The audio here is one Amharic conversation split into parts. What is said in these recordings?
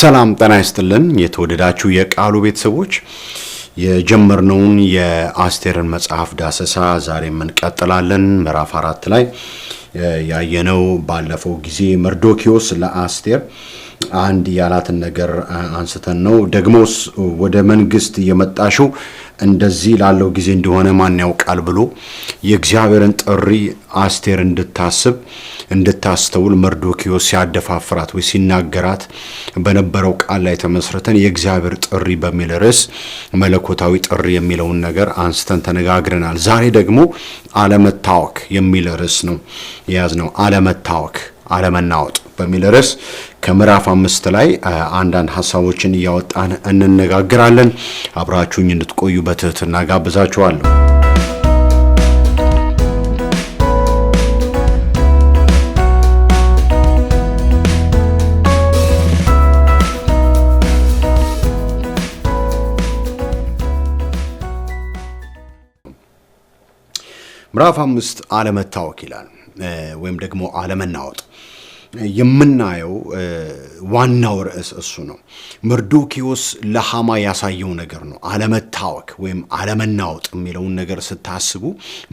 ሰላም ጤና ይስጥልን። የተወደዳችሁ የቃሉ ቤተሰቦች የጀመርነውን የአስቴርን መጽሐፍ ዳሰሳ ዛሬም እንቀጥላለን። ምዕራፍ አራት ላይ ያየነው ባለፈው ጊዜ መርዶኪዎስ ለአስቴር አንድ ያላትን ነገር አንስተን ነው። ደግሞስ ወደ መንግስት የመጣሽው እንደዚህ ላለው ጊዜ እንደሆነ ማን ያውቃል ብሎ የእግዚአብሔርን ጥሪ አስቴር እንድታስብ እንድታስተውል መርዶኪዮ ሲያደፋፍራት ወይ ሲናገራት በነበረው ቃል ላይ ተመስርተን የእግዚአብሔር ጥሪ በሚል ርዕስ መለኮታዊ ጥሪ የሚለውን ነገር አንስተን ተነጋግረናል። ዛሬ ደግሞ አለመታወክ የሚል ርዕስ ነው የያዝነው። አለመታወክ አለመናወጥ በሚል ርዕስ ከምዕራፍ አምስት ላይ አንዳንድ ሀሳቦችን እያወጣን እንነጋግራለን። አብራችሁኝ እንድትቆዩ በትህትና ጋብዛችኋለሁ። ምዕራፍ አምስት አለመታወክ ይላል ወይም ደግሞ አለመናወጥ የምናየው ዋናው ርዕስ እሱ ነው። መርዶኪዎስ ለሃማ ያሳየው ነገር ነው አለመታወክ ወይም አለመናወጥ የሚለውን ነገር ስታስቡ፣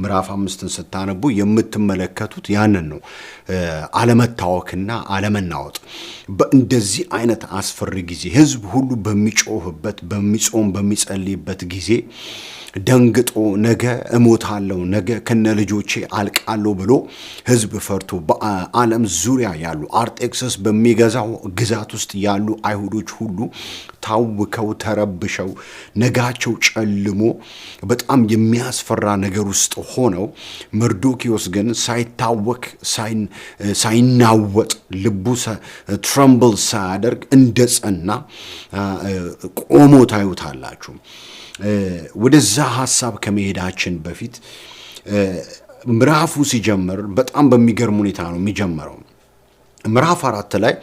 ምዕራፍ አምስትን ስታነቡ የምትመለከቱት ያንን ነው። አለመታወክና አለመናወጥ በእንደዚህ አይነት አስፈሪ ጊዜ ህዝብ ሁሉ በሚጮህበት፣ በሚጾም፣ በሚጸልይበት ጊዜ ደንግጦ ነገ እሞታለሁ ነገ ከነ ልጆቼ አልቃለሁ ብሎ ህዝብ ፈርቶ በዓለም ዙሪያ ያሉ አርጤክስስ በሚገዛው ግዛት ውስጥ ያሉ አይሁዶች ሁሉ ታውከው ተረብሸው ነጋቸው ጨልሞ በጣም የሚያስፈራ ነገር ውስጥ ሆነው መርዶኪዎስ ግን ሳይታወክ ሳይናወጥ ልቡ ትረምብል ሳያደርግ እንደ ጸና ቆሞ ታዩታላችሁ ወደዛ ሀሳብ ከመሄዳችን በፊት ምዕራፉ ሲጀምር በጣም በሚገርም ሁኔታ ነው የሚጀምረው። ምዕራፍ አራት ላይ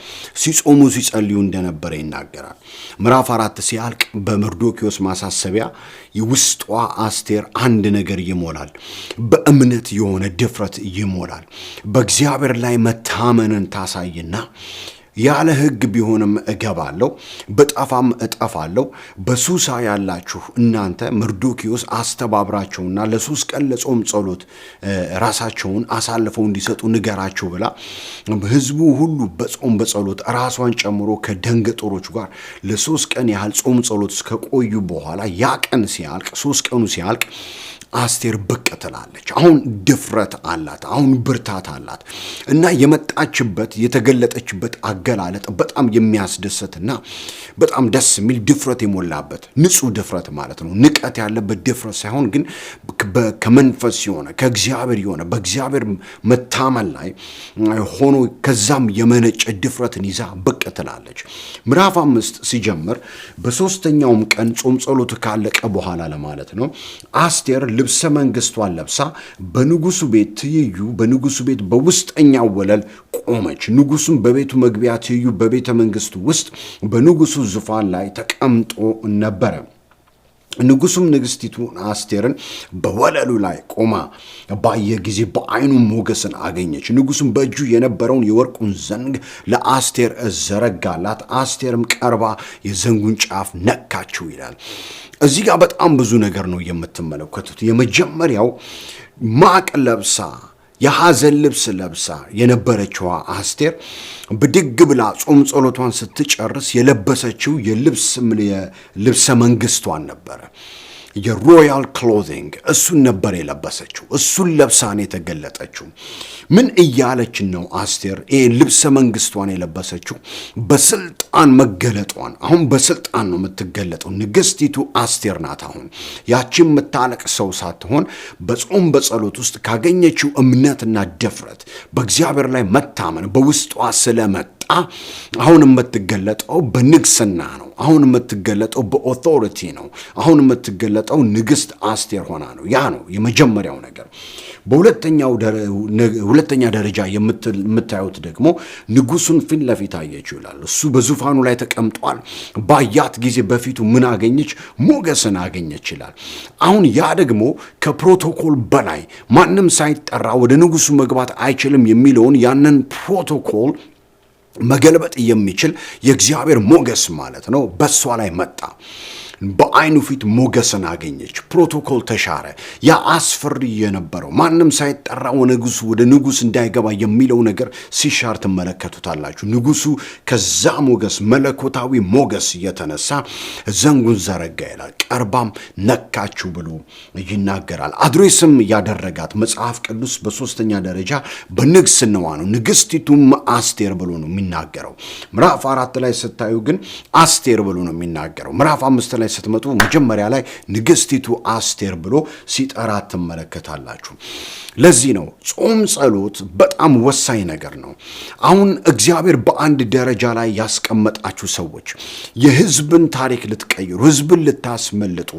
ሲጾሙ ሲጸልዩ እንደነበረ ይናገራል። ምዕራፍ አራት ሲያልቅ በመርዶኪዎስ ማሳሰቢያ የውስጧ አስቴር አንድ ነገር ይሞላል። በእምነት የሆነ ድፍረት ይሞላል። በእግዚአብሔር ላይ መታመንን ታሳይና ያለ ህግ ቢሆንም እገባለሁ፣ በጣፋም እጠፋለሁ። በሱሳ ያላችሁ እናንተ መርዶኪዎስ አስተባብራቸውና ለሶስት ቀን ለጾም ጸሎት ራሳቸውን አሳልፈው እንዲሰጡ ንገራቸው ብላ ህዝቡ ሁሉ በጾም በጸሎት ራሷን ጨምሮ ከደንገ ጦሮች ጋር ለሶስት ቀን ያህል ጾም ጸሎት እስከቆዩ በኋላ ያ ቀን ሲያልቅ ሶስት ቀኑ ሲያልቅ አስቴር ብቅ ትላለች። አሁን ድፍረት አላት። አሁን ብርታት አላት እና የመጣችበት የተገለጠችበት አጋ አገላለጥ በጣም የሚያስደስትና በጣም ደስ የሚል ድፍረት የሞላበት ንጹህ ድፍረት ማለት ነው። ንቀት ያለበት ድፍረት ሳይሆን ግን ከመንፈስ የሆነ ከእግዚአብሔር የሆነ በእግዚአብሔር መታመን ላይ ሆኖ ከዛም የመነጨ ድፍረትን ይዛ ብቅ ትላለች። ምዕራፍ አምስት ሲጀምር በሶስተኛውም ቀን ጾም ጸሎት ካለቀ በኋላ ለማለት ነው። አስቴር ልብሰ መንግስቷን ለብሳ በንጉሱ ቤት ትይዩ በንጉሱ ቤት በውስጠኛው ወለል ቆመች። ንጉሱም በቤቱ መግቢያ ትይዩ በቤተ መንግስት ውስጥ በንጉሱ ዙፋን ላይ ተቀምጦ ነበረ። ንጉሱም ንግስቲቱን አስቴርን በወለሉ ላይ ቆማ ባየ ጊዜ በአይኑ ሞገስን አገኘች። ንጉሱም በእጁ የነበረውን የወርቁን ዘንግ ለአስቴር ዘረጋላት። አስቴርም ቀርባ የዘንጉን ጫፍ ነካችው ይላል። እዚህ ጋር በጣም ብዙ ነገር ነው የምትመለከቱት። የመጀመሪያው ማቅ ለብሳ የሐዘን ልብስ ለብሳ የነበረችዋ አስቴር ብድግ ብላ ጾም ጸሎቷን ስትጨርስ የለበሰችው የልብስ መንግስቷን ነበረ። የሮያል ክሎዚንግ እሱን ነበር የለበሰችው። እሱን ለብሳን የተገለጠችው ምን እያለችን ነው? አስቴር ይሄ ልብሰ መንግስቷን የለበሰችው በስልጣን መገለጧን። አሁን በስልጣን ነው የምትገለጠው ንግስቲቱ አስቴር ናት። አሁን ያቺ የምታለቅ ሰው ሳትሆን በጾም በጸሎት ውስጥ ካገኘችው እምነትና ድፍረት በእግዚአብሔር ላይ መታመን በውስጧ ስለመ አሁን የምትገለጠው በንግስና ነው። አሁን የምትገለጠው በኦቶሪቲ ነው። አሁን የምትገለጠው ንግስት አስቴር ሆና ነው። ያ ነው የመጀመሪያው ነገር። ሁለተኛ ደረጃ የምታዩት ደግሞ ንጉሱን ፊት ለፊት አየች ይላል። እሱ በዙፋኑ ላይ ተቀምጧል። ባያት ጊዜ በፊቱ ምን አገኘች? ሞገስን አገኘች ይላል። አሁን ያ ደግሞ ከፕሮቶኮል በላይ ማንም ሳይጠራ ወደ ንጉሱ መግባት አይችልም የሚለውን ያንን ፕሮቶኮል መገልበጥ የሚችል የእግዚአብሔር ሞገስ ማለት ነው በእሷ ላይ መጣ። በአይኑ ፊት ሞገስን አገኘች። ፕሮቶኮል ተሻረ። ያ አስፈሪ የነበረው ማንም ሳይጠራ ንጉሱ ወደ ንጉስ እንዳይገባ የሚለው ነገር ሲሻር ትመለከቱታላችሁ። ንጉሱ ከዛ ሞገስ መለኮታዊ ሞገስ እየተነሳ ዘንጉን ዘረጋ ይላል። ቀርባም ነካችሁ ብሎ ይናገራል። አድሬስም ያደረጋት መጽሐፍ ቅዱስ በሶስተኛ ደረጃ በንግስናዋ ነው። ንግስቲቱም አስቴር ብሎ ነው የሚናገረው። ምዕራፍ አራት ላይ ስታዩ ግን አስቴር ብሎ ነው የሚናገረው። ምዕራፍ አምስት ላይ ላይ ስትመጡ መጀመሪያ ላይ ንግስቲቱ አስቴር ብሎ ሲጠራ ትመለከታላችሁ። ለዚህ ነው ጾም ጸሎት በጣም ወሳኝ ነገር ነው። አሁን እግዚአብሔር በአንድ ደረጃ ላይ ያስቀመጣችሁ ሰዎች የህዝብን ታሪክ ልትቀይሩ፣ ህዝብን ልታስመልጡ፣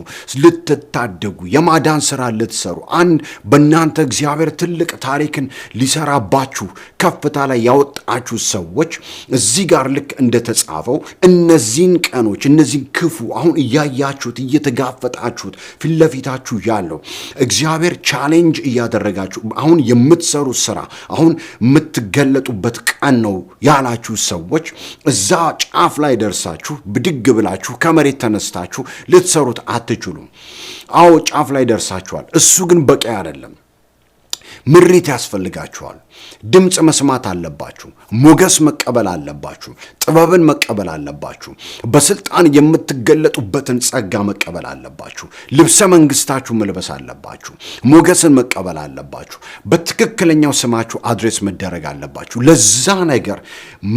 ልትታደጉ፣ የማዳን ስራ ልትሰሩ አንድ በእናንተ እግዚአብሔር ትልቅ ታሪክን ሊሰራባችሁ ከፍታ ላይ ያወጣችሁ ሰዎች እዚህ ጋር ልክ እንደተጻፈው እነዚህን ቀኖች እነዚህን ክፉ አሁን እያ እያያችሁት እየተጋፈጣችሁት ፊት ለፊታችሁ ያለው እግዚአብሔር ቻሌንጅ እያደረጋችሁ አሁን የምትሰሩት ስራ አሁን የምትገለጡበት ቀን ነው ያላችሁ ሰዎች እዛ ጫፍ ላይ ደርሳችሁ ብድግ ብላችሁ ከመሬት ተነስታችሁ ልትሰሩት አትችሉም። አዎ ጫፍ ላይ ደርሳችኋል። እሱ ግን በቂ አይደለም። ምሪት ያስፈልጋችኋል። ድምፅ መስማት አለባችሁ። ሞገስ መቀበል አለባችሁ። ጥበብን መቀበል አለባችሁ። በስልጣን የምትገለጡበትን ጸጋ መቀበል አለባችሁ። ልብሰ መንግስታችሁ መልበስ አለባችሁ። ሞገስን መቀበል አለባችሁ። በትክክለኛው ስማችሁ አድሬስ መደረግ አለባችሁ። ለዛ ነገር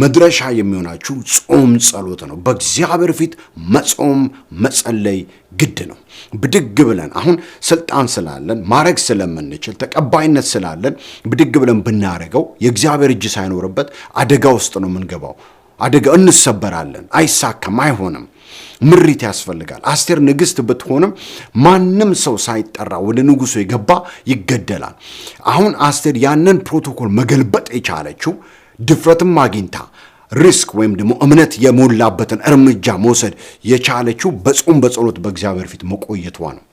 መድረሻ የሚሆናችሁ ጾም ጸሎት ነው። በእግዚአብሔር ፊት መጾም መጸለይ ግድ ነው። ብድግ ብለን አሁን ስልጣን ስላለን ማድረግ ስለምንችል ተቀባይነት ስላለን ብድግ ብለን ብና የምናደርገው የእግዚአብሔር እጅ ሳይኖርበት አደጋ ውስጥ ነው የምንገባው። አደጋ እንሰበራለን። አይሳካም፣ አይሆንም። ምሪት ያስፈልጋል። አስቴር ንግስት ብትሆንም ማንም ሰው ሳይጠራ ወደ ንጉሱ የገባ ይገደላል። አሁን አስቴር ያንን ፕሮቶኮል መገልበጥ የቻለችው ድፍረትም አግኝታ ሪስክ ወይም ደግሞ እምነት የሞላበትን እርምጃ መውሰድ የቻለችው በጾም በጸሎት በእግዚአብሔር ፊት መቆየቷ ነው።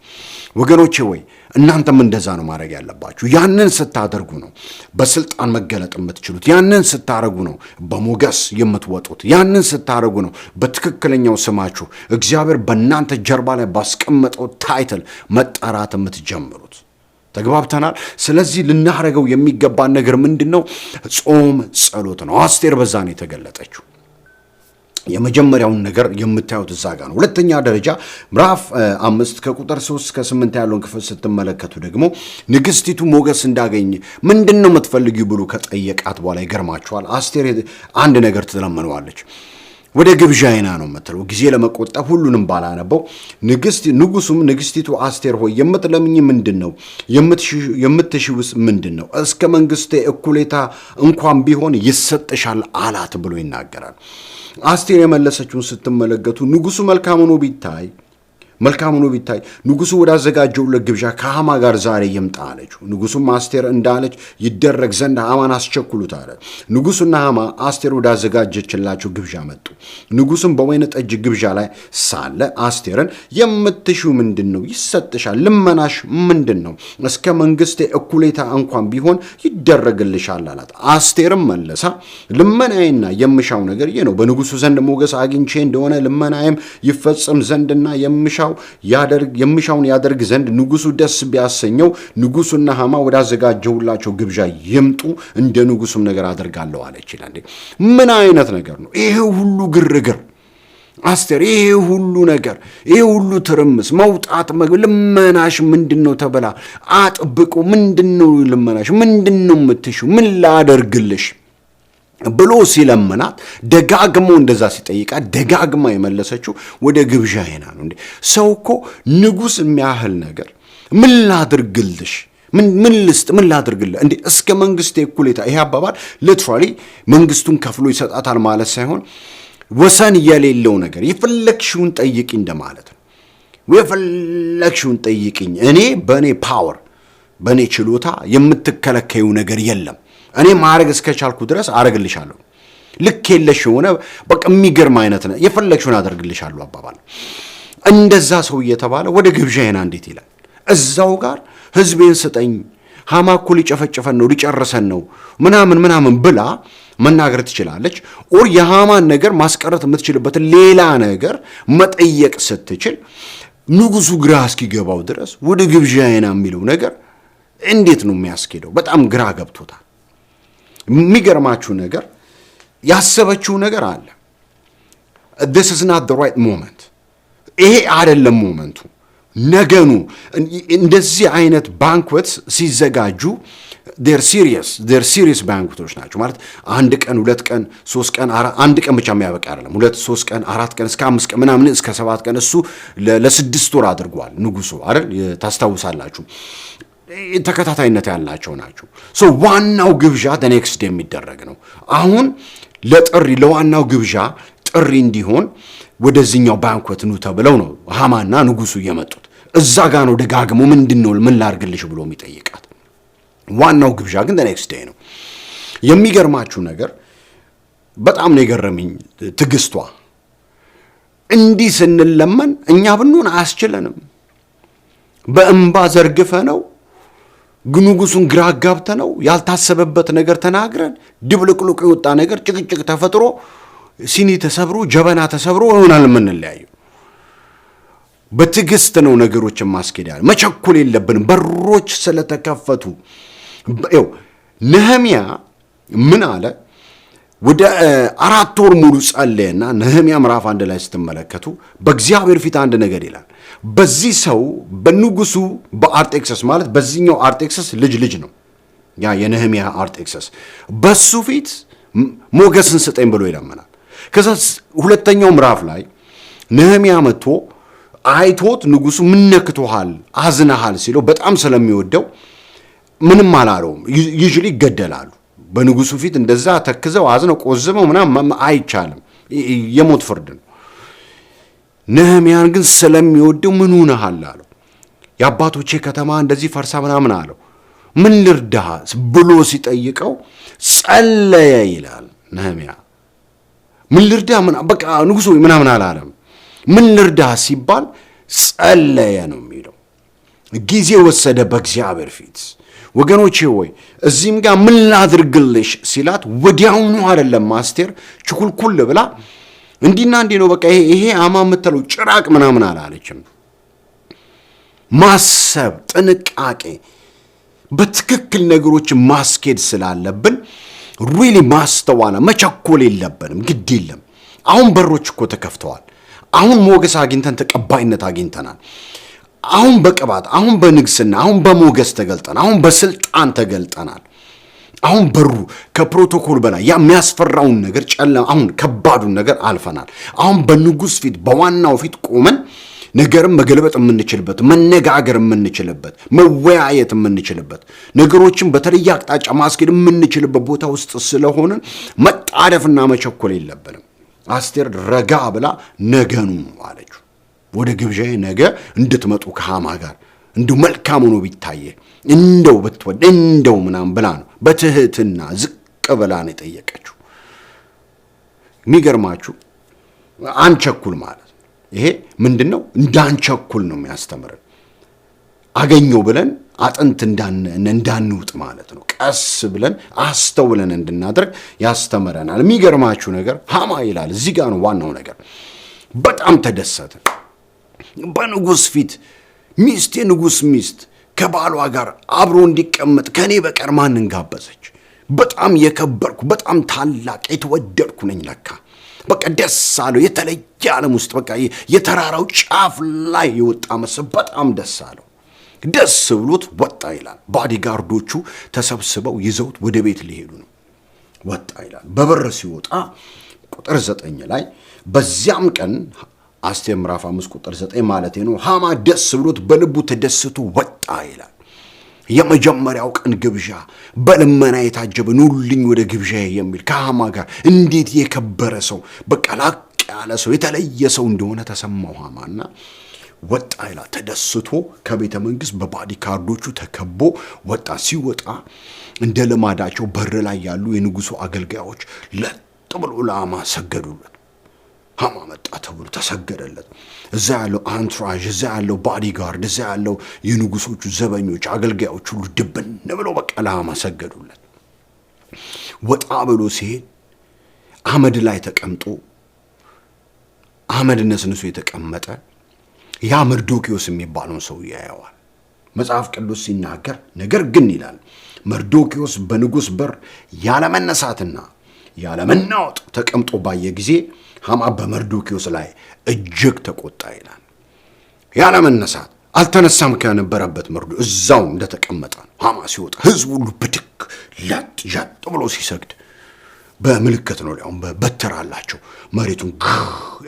ወገኖቼ ወይ እናንተም እንደዛ ነው ማድረግ ያለባችሁ። ያንን ስታደርጉ ነው በስልጣን መገለጥ የምትችሉት። ያንን ስታደርጉ ነው በሞገስ የምትወጡት። ያንን ስታደርጉ ነው በትክክለኛው ስማችሁ እግዚአብሔር በእናንተ ጀርባ ላይ ባስቀመጠው ታይትል መጠራት የምትጀምሩት። ተግባብተናል። ስለዚህ ልናደርገው የሚገባን ነገር ምንድን ነው? ጾም ጸሎት ነው። አስቴር በዛ ነው የተገለጠችው። የመጀመሪያውን ነገር የምታዩት እዛ ጋ ነው። ሁለተኛ ደረጃ ምዕራፍ አምስት ከቁጥር ሶስት እስከ ስምንት ያለውን ክፍል ስትመለከቱ ደግሞ ንግስቲቱ ሞገስ እንዳገኝ ምንድን ነው የምትፈልጊው ብሎ ከጠየቃት በኋላ ይገርማችኋል። አስቴር አንድ ነገር ትለምነዋለች። ወደ ግብዣይና ነው የምትለው። ጊዜ ለመቆጠብ ሁሉንም ባላነበው ንጉሱም ንግስቲቱ አስቴር ሆይ የምትለምኝ ምንድን ነው? የምትሽውስ ምንድን ነው? እስከ መንግስቴ እኩሌታ እንኳን ቢሆን ይሰጥሻል አላት ብሎ ይናገራል። አስቴር የመለሰችውን ስትመለከቱ ንጉሱ መልካም ሆኖ ቢታይ መልካም ሆኖ ቢታይ ንጉሱ ወዳዘጋጀውለት ግብዣ ከሃማ ጋር ዛሬ ይምጣ አለችው። ንጉሡም አስቴር እንዳለች ይደረግ ዘንድ ሃማን አስቸኩሉት አለ። ንጉሱና ሃማ አስቴር ወዳዘጋጀችላቸው ግብዣ መጡ። ንጉሱም በወይነ ጠጅ ግብዣ ላይ ሳለ አስቴርን የምትሺው ምንድን ነው? ይሰጥሻል። ልመናሽ ምንድን ነው? እስከ መንግስቴ እኩሌታ እንኳን ቢሆን ይደረግልሻል አላት። አስቴርም መለሳ ልመናዬና የምሻው ነገር ይህ ነው፣ በንጉሱ ዘንድ ሞገስ አግኝቼ እንደሆነ ልመናዬም ይፈጽም ዘንድና የምሻው የሚሻው ያደርግ የሚሻውን ያደርግ ዘንድ ንጉሱ ደስ ቢያሰኘው ንጉሱና ሃማ ወዳዘጋጀሁላቸው ግብዣ ይምጡ፣ እንደ ንጉሱም ነገር አደርጋለሁ አለች ይላል። ምን አይነት ነገር ነው ይሄ ሁሉ ግርግር አስቴር? ይሄ ሁሉ ነገር፣ ይሄ ሁሉ ትርምስ፣ መውጣት፣ ልመናሽ ምንድን ነው ተበላ አጥብቁ ምንድን ነው ልመናሽ? ምንድን ነው የምትሹ? ምን ላደርግልሽ? ብሎ ሲለምናት ደጋግሞ እንደዛ ሲጠይቃት ደጋግማ የመለሰችው ወደ ግብዣ ይና ነው። እንዴ ሰው እኮ ንጉሥ የሚያህል ነገር ምን ላድርግልሽ? ምን ልስጥ? ምን ላድርግል? እንዴ እስከ መንግስቴ እኩሌታ። ይሄ አባባል ሊትራሊ መንግስቱን ከፍሎ ይሰጣታል ማለት ሳይሆን ወሰን የሌለው ነገር የፈለግሽውን ጠይቂ እንደማለት ነው። የፈለግሽውን ጠይቂኝ፣ እኔ በእኔ ፓወር በእኔ ችሎታ የምትከለከዩ ነገር የለም እኔ ማድረግ እስከቻልኩ ድረስ አረግልሻለሁ። ልክ የለሽ የሆነ በቃ የሚገርም አይነት ነው። የፈለግሽውን አደርግልሻለሁ አባባል። እንደዛ ሰው እየተባለ ወደ ግብዣ እንዴት ይላል። እዛው ጋር ህዝቤን ስጠኝ፣ ሃማ እኮ ሊጨፈጨፈን ነው ሊጨርሰን ነው ምናምን ምናምን ብላ መናገር ትችላለች። ኦር የሃማን ነገር ማስቀረት የምትችልበትን ሌላ ነገር መጠየቅ ስትችል ንጉሱ ግራ እስኪገባው ድረስ ወደ ግብዣ ሄና የሚለው ነገር እንዴት ነው የሚያስኬደው? በጣም ግራ ገብቶታል። የሚገርማችሁ ነገር ያሰበችው ነገር አለ። ዲስ ኢዝ ናት ዘ ራይት ሞመንት፣ ይሄ አይደለም ሞመንቱ። ነገኑ እንደዚህ አይነት ባንክወት ሲዘጋጁ ዴር ሲሪየስ ዴር ሲሪየስ ባንክቶች ናቸው ማለት አንድ ቀን ሁለት ቀን ሶስት ቀን አንድ ቀን ብቻ የሚያበቃ አይደለም። ሁለት ሶስት ቀን አራት ቀን እስከ አምስት ቀን ምናምን እስከ ሰባት ቀን እሱ ለስድስት ወር አድርጓል ንጉሱ አይደል ታስታውሳላችሁ። ተከታታይነት ያላቸው ናቸው። ሶ ዋናው ግብዣ ኔክስት የሚደረግ ነው። አሁን ለጥሪ ለዋናው ግብዣ ጥሪ እንዲሆን ወደዚኛው ባንኮት ኑ ተብለው ነው ሃማና ንጉሱ የመጡት። እዛ ጋ ነው ደጋግሞ ምንድን ነው ምን ላርግልሽ ብሎ የሚጠይቃት። ዋናው ግብዣ ግን ኔክስት ዴይ ነው። የሚገርማችሁ ነገር በጣም ነው የገረመኝ ትዕግስቷ። እንዲህ ስንለመን እኛ ብንሆን አያስችለንም። በእምባ ዘርግፈ ነው ንጉሱን ግራ አጋብተ ነው ያልታሰበበት ነገር ተናግረን ድብልቅልቅ የወጣ ነገር ጭቅጭቅ ተፈጥሮ ሲኒ ተሰብሮ ጀበና ተሰብሮ ይሆናል የምንለያዩ። በትዕግስት ነው ነገሮችን ማስኬድ ያለ መቸኮል የለብንም። በሮች ስለተከፈቱ ው ነህሚያ ምን አለ? ወደ አራት ወር ሙሉ ጸለየና ነህሚያ ምዕራፍ አንድ ላይ ስትመለከቱ በእግዚአብሔር ፊት አንድ ነገር ይላል በዚህ ሰው በንጉሱ በአርጤክሰስ ማለት በዚህኛው አርጤክሰስ ልጅ ልጅ ነው ያ የነህሚያ አርጤክሰስ በሱ ፊት ሞገስን ስጠኝ ብሎ ይለምናል። ከዛ ሁለተኛው ምዕራፍ ላይ ነህሚያ መጥቶ አይቶት ንጉሱ ምነክቶሃል ነክቶሃል፣ አዝነሃል ሲለው በጣም ስለሚወደው ምንም አላለውም። ይዥሊ ይገደላሉ። በንጉሱ ፊት እንደዛ ተክዘው አዝነው ቆዝመው ምናምን አይቻልም። የሞት ፍርድ ነው። ነህምያን ግን ስለሚወደው ምን ሆነሃል አለው። የአባቶቼ ከተማ እንደዚህ ፈርሳ ምናምን አለው። ምን ልርዳህ ብሎ ሲጠይቀው ጸለየ ይላል ነህምያ። ምን ልርዳህ በቃ ንጉሶ ምናምን አላለም። ምን ልርዳ ሲባል ጸለየ ነው የሚለው። ጊዜ ወሰደ በእግዚአብሔር ፊት። ወገኖቼ ወይ እዚህም ጋር ምን ላድርግልሽ ሲላት ወዲያውኑ አይደለም ማስቴር ችኩልኩል ብላ እንዲና እንዲህ ነው በቃ ይሄ ይሄ አማ የምትለው ጭራቅ ምናምን አላለችም። ማሰብ ጥንቃቄ፣ በትክክል ነገሮችን ማስኬድ ስላለብን ሪሊ ማስተዋላ መቸኮል የለብንም። ግድ የለም አሁን በሮች እኮ ተከፍተዋል። አሁን ሞገስ አግኝተን ተቀባይነት አግኝተናል። አሁን በቅባት አሁን በንግስና አሁን በሞገስ ተገልጠናል። አሁን በስልጣን ተገልጠናል። አሁን በሩ ከፕሮቶኮል በላይ የሚያስፈራውን ነገር ጨለማ፣ አሁን ከባዱን ነገር አልፈናል። አሁን በንጉስ ፊት በዋናው ፊት ቆመን ነገርም መገልበጥ የምንችልበት መነጋገር የምንችልበት መወያየት የምንችልበት ነገሮችን በተለየ አቅጣጫ ማስኬድ የምንችልበት ቦታ ውስጥ ስለሆነ መጣደፍና መቸኮል የለብንም። አስቴር ረጋ ብላ ነገኑ አለችው ወደ ግብዣዬ ነገ እንድትመጡ ከሃማ ጋር እንዲሁ መልካም ሆኖ ቢታየ እንደው ብትወድ እንደው ምናምን ብላ ነው በትህትና ዝቅ ብላ ነው የጠየቀችው። የሚገርማችሁ አንቸኩል ማለት ነው። ይሄ ምንድን ነው? እንዳንቸኩል ነው የሚያስተምርን። አገኘው ብለን አጥንት እንዳንውጥ ማለት ነው። ቀስ ብለን አስተውለን እንድናደርግ ያስተምረናል። የሚገርማችሁ ነገር ሀማ ይላል እዚህ ጋር ነው ዋናው ነገር። በጣም ተደሰተ በንጉሥ ፊት ሚስት የንጉሥ ሚስት ከባሏ ጋር አብሮ እንዲቀመጥ ከእኔ በቀር ማንን ጋበዘች? በጣም የከበርኩ በጣም ታላቅ የተወደድኩ ነኝ ለካ። በቃ ደስ አለው። የተለየ ዓለም ውስጥ በቃ የተራራው ጫፍ ላይ የወጣ መስል በጣም ደስ አለው። ደስ ብሎት ወጣ ይላል። ባዲጋርዶቹ ተሰብስበው ይዘውት ወደ ቤት ሊሄዱ ነው። ወጣ ይላል። በበር ሲወጣ ቁጥር ዘጠኝ ላይ በዚያም ቀን አስቴር ምዕራፍ 5 ቁጥር 9 ማለት ነው። ሃማ ደስ ብሎት በልቡ ተደስቶ ወጣ ይላል። የመጀመሪያው ቀን ግብዣ በልመና የታጀበ ኑልኝ ወደ ግብዣ የሚል ከሃማ ጋር እንዴት የከበረ ሰው በቃ ላቅ ያለ ሰው የተለየ ሰው እንደሆነ ተሰማው። ሃማና ወጣ ይላል። ተደስቶ ከቤተ መንግስት በባዲ ካርዶቹ ተከቦ ወጣ። ሲወጣ እንደ ልማዳቸው በር ላይ ያሉ የንጉሱ አገልጋዮች ለጥ ብሎ ለሃማ ሰገዱለት። ሃማ መጣ ተብሎ ተሰገደለት። እዛ ያለው አንትራዥ፣ እዛ ያለው ባዲጋርድ፣ እዛ ያለው የንጉሶቹ ዘበኞች፣ አገልጋዮች ሁሉ ድብን ብለው በቃ ለሃማ ሰገዱለት። ወጣ ብሎ ሲሄድ አመድ ላይ ተቀምጦ አመድ ነስንሶ የተቀመጠ ያ መርዶኪዎስ የሚባለውን ሰው ያየዋል። መጽሐፍ ቅዱስ ሲናገር ነገር ግን ይላል መርዶኪዎስ በንጉሥ በር ያለመነሳትና ያለመናወጥ ተቀምጦ ባየ ጊዜ ሐማ በመርዶኪዎስ ላይ እጅግ ተቆጣ ይላል። ያለመነሳት አልተነሳም ከነበረበት መርዶ እዛው እንደተቀመጠ ነው። ሐማ ሲወጣ ህዝቡ ሁሉ ብድግ ላጥ ያጥ ብሎ ሲሰግድ በምልክት ነው። ሊያውም በበትር አላቸው። መሬቱን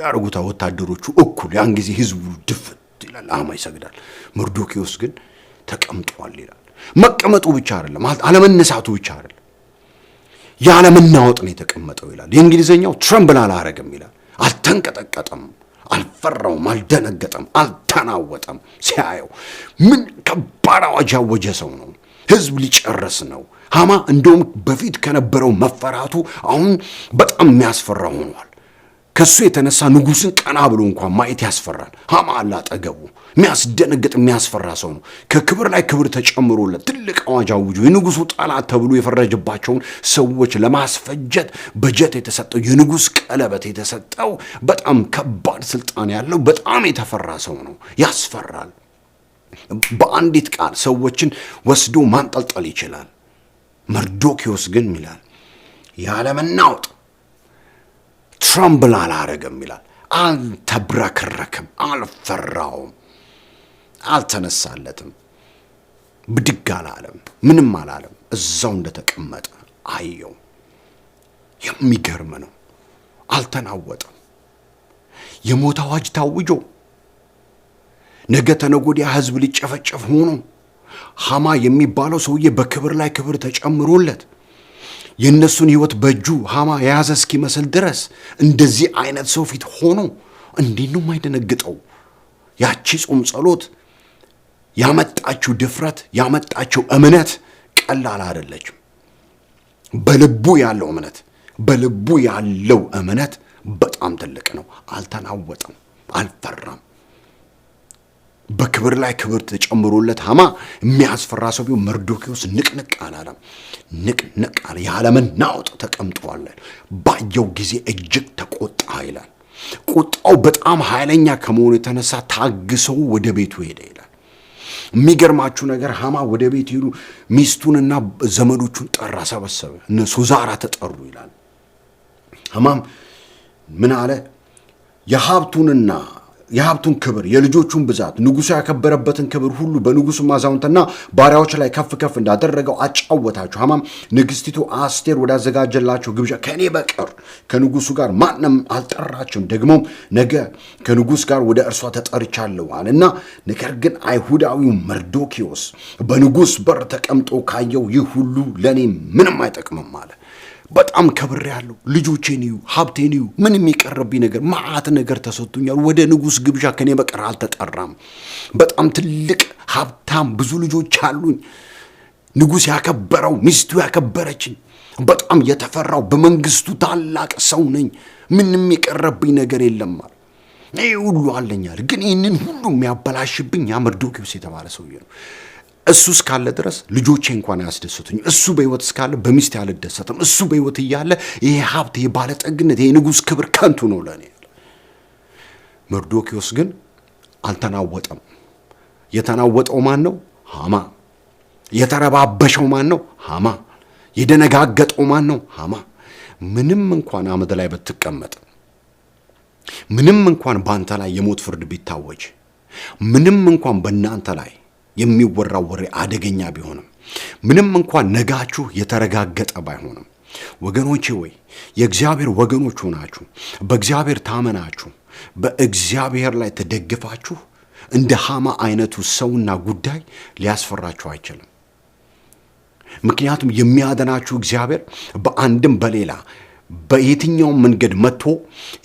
ያደርጉታ ወታደሮቹ እኩል። ያን ጊዜ ህዝቡ ድፍት ይላል፣ ሐማ ይሰግዳል። መርዶኪዎስ ግን ተቀምጧል ይላል። መቀመጡ ብቻ አይደለም፣ አለመነሳቱ ብቻ አይደለም ያለመናወጥ ነው የተቀመጠው ይላል። የእንግሊዝኛው ትረምብል አላረግም ይላል። አልተንቀጠቀጠም፣ አልፈራውም፣ አልደነገጠም፣ አልተናወጠም። ሲያየው ምን ከባድ አዋጅ ያወጀ ሰው ነው። ህዝብ ሊጨርስ ነው። ሀማ እንደውም በፊት ከነበረው መፈራቱ አሁን በጣም የሚያስፈራ ሆኗል። ከእሱ የተነሳ ንጉሥን ቀና ብሎ እንኳን ማየት ያስፈራል። ሀማ አለ አጠገቡ። የሚያስደነግጥ የሚያስፈራ ሰው ነው። ከክብር ላይ ክብር ተጨምሮለት ትልቅ አዋጅ አውጆ የንጉሡ ጠላት ተብሎ የፈረጀባቸውን ሰዎች ለማስፈጀት በጀት የተሰጠው የንጉሥ ቀለበት የተሰጠው በጣም ከባድ ስልጣን ያለው በጣም የተፈራ ሰው ነው። ያስፈራል። በአንዲት ቃል ሰዎችን ወስዶ ማንጠልጠል ይችላል። መርዶኪዎስ ግን ይላል ያለመናወጥ ትራምብል አላረግም ይላል። አልተብረከረክም፣ አልፈራውም፣ አልተነሳለትም፣ ብድግ አላለም፣ ምንም አላለም። እዛው እንደተቀመጠ አየው። የሚገርም ነው። አልተናወጠም። የሞት አዋጅ ታውጆ ነገ ተነጎዲያ ህዝብ ሊጨፈጨፍ ሆኖ ሐማ የሚባለው ሰውዬ በክብር ላይ ክብር ተጨምሮለት የእነሱን ህይወት በእጁ ሃማ የያዘ እስኪመስል ድረስ እንደዚህ አይነት ሰው ፊት ሆኖ እንዴት ነው የማይደነግጠው? ያቺ ጾም ጸሎት ያመጣችው ድፍረት ያመጣችው እምነት ቀላል አይደለችም። በልቡ ያለው እምነት በልቡ ያለው እምነት በጣም ትልቅ ነው። አልተናወጠም፣ አልፈራም። በክብር ላይ ክብር ተጨምሮለት ሐማ የሚያስፈራ ሰው ቢሆን መርዶኪዎስ ንቅንቅ አላለም። ንቅንቅ አለ የዓለምን ናውጥ ተቀምጠዋለን። ባየው ጊዜ እጅግ ተቆጣ ይላል። ቁጣው በጣም ኃይለኛ ከመሆኑ የተነሳ ታግሰው ወደ ቤቱ ሄደ ይላል። የሚገርማችሁ ነገር ሐማ ወደ ቤት ሄዱ። ሚስቱንና ዘመዶቹን ጠራ፣ ሰበሰበ። እነ ሱዛራ ተጠሩ ይላል። ሐማም ምን አለ የሀብቱንና የሀብቱን ክብር፣ የልጆቹን ብዛት፣ ንጉሱ ያከበረበትን ክብር ሁሉ በንጉሱ አዛውንትና ባሪያዎች ላይ ከፍ ከፍ እንዳደረገው አጫወታቸው። ሀማም ንግስቲቱ አስቴር ወዳዘጋጀላቸው ግብዣ ከእኔ በቀር ከንጉሱ ጋር ማንም አልጠራችም፣ ደግሞ ነገ ከንጉስ ጋር ወደ እርሷ ተጠርቻለሁ አለና ነገር ግን አይሁዳዊው መርዶኪዎስ በንጉስ በር ተቀምጦ ካየው ይህ ሁሉ ለእኔ ምንም አይጠቅምም አለ። በጣም ከብር ያለው ልጆቼን እዩ፣ ሀብቴን እዩ፣ ምን የሚቀርብኝ ነገር መዓት ነገር ተሰጥቶኛል። ወደ ንጉሥ ግብዣ ከኔ በቀር አልተጠራም። በጣም ትልቅ ሀብታም፣ ብዙ ልጆች አሉኝ። ንጉሥ ያከበረው ሚስቱ ያከበረችኝ፣ በጣም የተፈራው በመንግስቱ ታላቅ ሰው ነኝ። ምን የሚቀረብኝ ነገር የለም አለ። ይህ ሁሉ አለኛል። ግን ይህንን ሁሉ የሚያበላሽብኝ ያ መርዶኪዎስ የተባለ ሰውዬ ነው። እሱ እስካለ ድረስ ልጆቼ እንኳን አያስደሰቱኝ። እሱ በህይወት እስካለ በሚስቴ አልደሰትም። እሱ በህይወት እያለ ይሄ ሀብት፣ ይሄ ባለጠግነት፣ ይሄ ንጉሥ ክብር ከንቱ ነው ለእኔ። መርዶኪዎስ ግን አልተናወጠም። የተናወጠው ማን ነው? ሃማ። የተረባበሸው ማን ነው? ሃማ። የደነጋገጠው ማን ነው? ሃማ። ምንም እንኳን አመድ ላይ ብትቀመጥ፣ ምንም እንኳን በአንተ ላይ የሞት ፍርድ ቢታወጅ፣ ምንም እንኳን በእናንተ ላይ የሚወራው ወሬ አደገኛ ቢሆንም ምንም እንኳን ነጋችሁ የተረጋገጠ ባይሆንም ወገኖቼ ወይ የእግዚአብሔር ወገኖች ሆናችሁ በእግዚአብሔር ታመናችሁ በእግዚአብሔር ላይ ተደግፋችሁ እንደ ሃማ አይነቱ ሰውና ጉዳይ ሊያስፈራችሁ አይችልም። ምክንያቱም የሚያደናችሁ እግዚአብሔር በአንድም በሌላ በየትኛውም መንገድ መጥቶ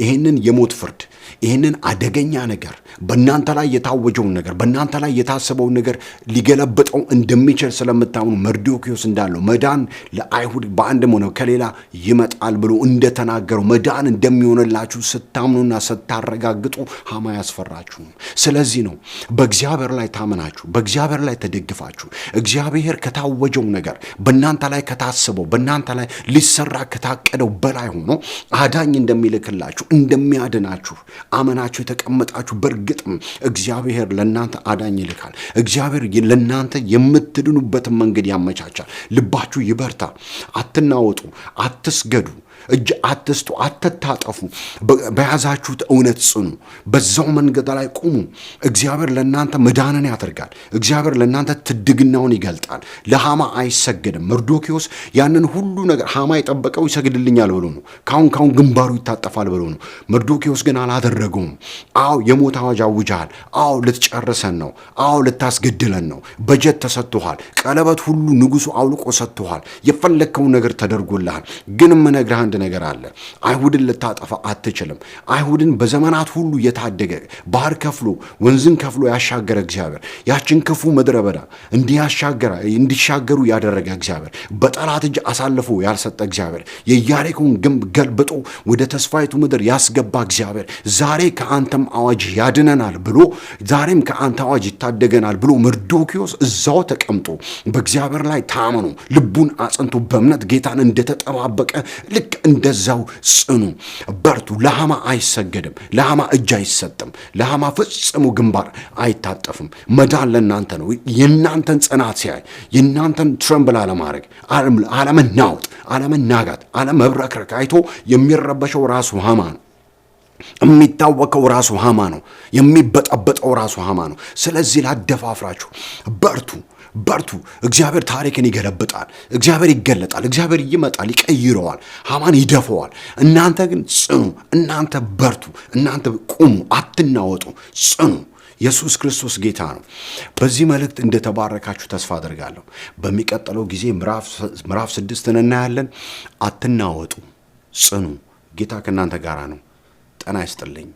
ይህንን የሞት ፍርድ ይህንን አደገኛ ነገር በእናንተ ላይ የታወጀውን ነገር በእናንተ ላይ የታሰበውን ነገር ሊገለብጠው እንደሚችል ስለምታምኑ መርዶኪዎስ እንዳለው መዳን ለአይሁድ በአንድም ሆነ ከሌላ ይመጣል ብሎ እንደተናገረው መዳን እንደሚሆንላችሁ ስታምኑና ስታረጋግጡ ሀማ ያስፈራችሁም ስለዚህ ነው በእግዚአብሔር ላይ ታምናችሁ በእግዚአብሔር ላይ ተደግፋችሁ እግዚአብሔር ከታወጀው ነገር በእናንተ ላይ ከታሰበው በእናንተ ላይ ሊሰራ ከታቀደው በላ ላይ ሆኖ አዳኝ እንደሚልክላችሁ እንደሚያድናችሁ አመናችሁ የተቀመጣችሁ በእርግጥም እግዚአብሔር ለእናንተ አዳኝ ይልካል። እግዚአብሔር ለእናንተ የምትድኑበትን መንገድ ያመቻቻል። ልባችሁ ይበርታ። አትናወጡ፣ አትስገዱ፣ እጅ አትስጡ፣ አትታጠፉ። በያዛችሁት እውነት ጽኑ፣ በዛው መንገድ ላይ ቁሙ። እግዚአብሔር ለእናንተ መዳንን ያደርጋል። እግዚአብሔር ለእናንተ ትድግናውን ይገልጣል። ለሃማ አይሰገድም። መርዶኪዎስ ያንን ሁሉ ነገር ሃማ የጠበቀው ይሰግድልኛል ብሎ ነው። ካሁን ካሁን ግንባሩ ይታጠፋል ብሎ ነው። መርዶኪዎስ ግን አላደረገውም። አዎ የሞት አዋጅ አውጃሃል። አዎ ልትጨርሰን ነው። አዎ ልታስገድለን ነው። በጀት ተሰጥቶሃል። ቀለበት ሁሉ ንጉሱ አውልቆ ሰጥቶሃል። የፈለግከውን ነገር ተደርጎልሃል። ግን የምነግርህ አንድ ነገር አለ። አይሁድን ልታጠፋ አትችልም። አይሁድን በዘመናት ሁሉ የታደገ ባህር ከፍሎ ወንዝን ከፍሎ ያሻገረ እግዚአብሔር ያችን ክፉ ምድረ በዳ እንዲሻገሩ ያደረገ እግዚአብሔር በጠላት እጅ አሳልፎ ያልሰጠ እግዚአብሔር የኢያሪኮን ሸለቆውን ግንብ ገልብጦ ወደ ተስፋይቱ ምድር ያስገባ እግዚአብሔር ዛሬ ከአንተም አዋጅ ያድነናል ብሎ ዛሬም ከአንተ አዋጅ ይታደገናል ብሎ መርዶኪዎስ እዛው ተቀምጦ በእግዚአብሔር ላይ ታምኖ ልቡን አጽንቶ በእምነት ጌታን እንደተጠባበቀ ልክ እንደዛው ጽኑ በርቱ። ለሃማ አይሰገድም፣ ለሃማ እጅ አይሰጥም፣ ለሃማ ፍጽሙ ግንባር አይታጠፍም። መዳን ለእናንተ ነው። የእናንተን ጽናት ሲያይ የእናንተን ትረምብል አለማድረግ፣ አለመናወጥ፣ አለመናጋት፣ አለመብረክ ሲያከረክር አይቶ የሚረበሸው ራሱ ሃማ ነው። የሚታወቀው ራሱ ሃማ ነው። የሚበጠበጠው ራሱ ሃማ ነው። ስለዚህ ላደፋፍራችሁ፣ በርቱ በርቱ። እግዚአብሔር ታሪክን ይገለብጣል። እግዚአብሔር ይገለጣል። እግዚአብሔር ይመጣል፣ ይቀይረዋል፣ ሃማን ይደፈዋል። እናንተ ግን ጽኑ፣ እናንተ በርቱ፣ እናንተ ቁሙ፣ አትናወጡ፣ ጽኑ። ኢየሱስ ክርስቶስ ጌታ ነው። በዚህ መልእክት እንደተባረካችሁ ተስፋ አድርጋለሁ። በሚቀጥለው ጊዜ ምዕራፍ ስድስትን እናያለን። አትናወጡ፣ ጽኑ። ጌታ ከእናንተ ጋር ነው። ጤና ይስጥልኝ።